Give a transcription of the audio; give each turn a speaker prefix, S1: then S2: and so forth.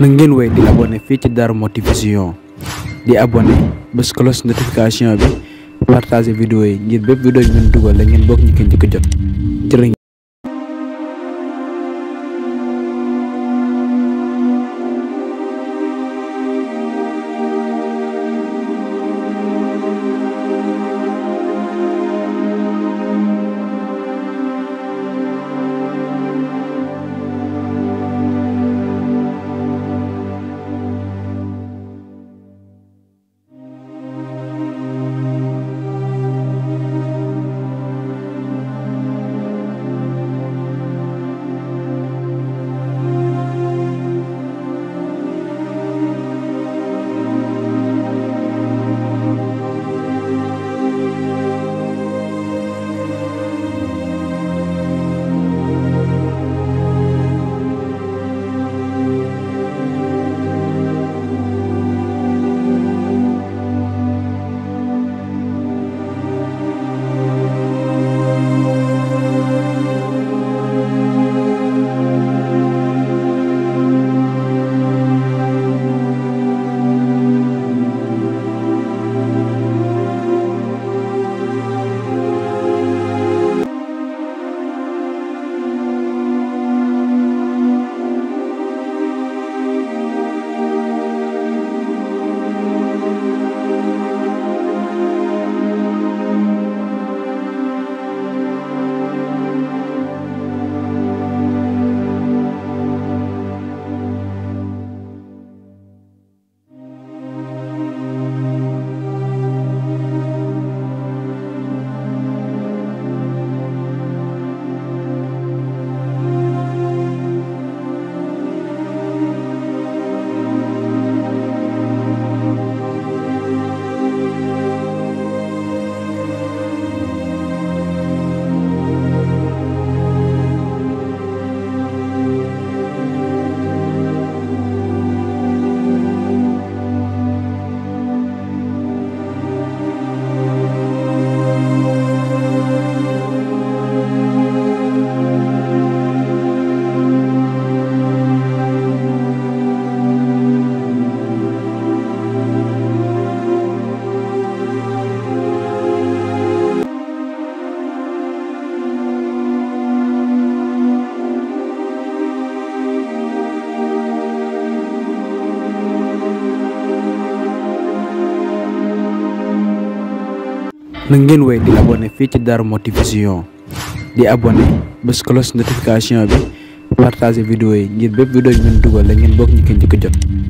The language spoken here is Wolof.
S1: na ngeen wéy di abonné fii ci Darou Mouhty Vision di abonné bés cloche bi partager vidéo yi ngir bépp vidéo yi ngeen dugal la ngeen bokk ñu ko njëkk jot jërë na ngeen wéy di abonné fii ci Darou Mouhty Vision di abonné bés cloche notification bi partager vidéo yi ngir bépp vidéo yi ngeen dugal la ngeen bokk
S2: ñi ko jot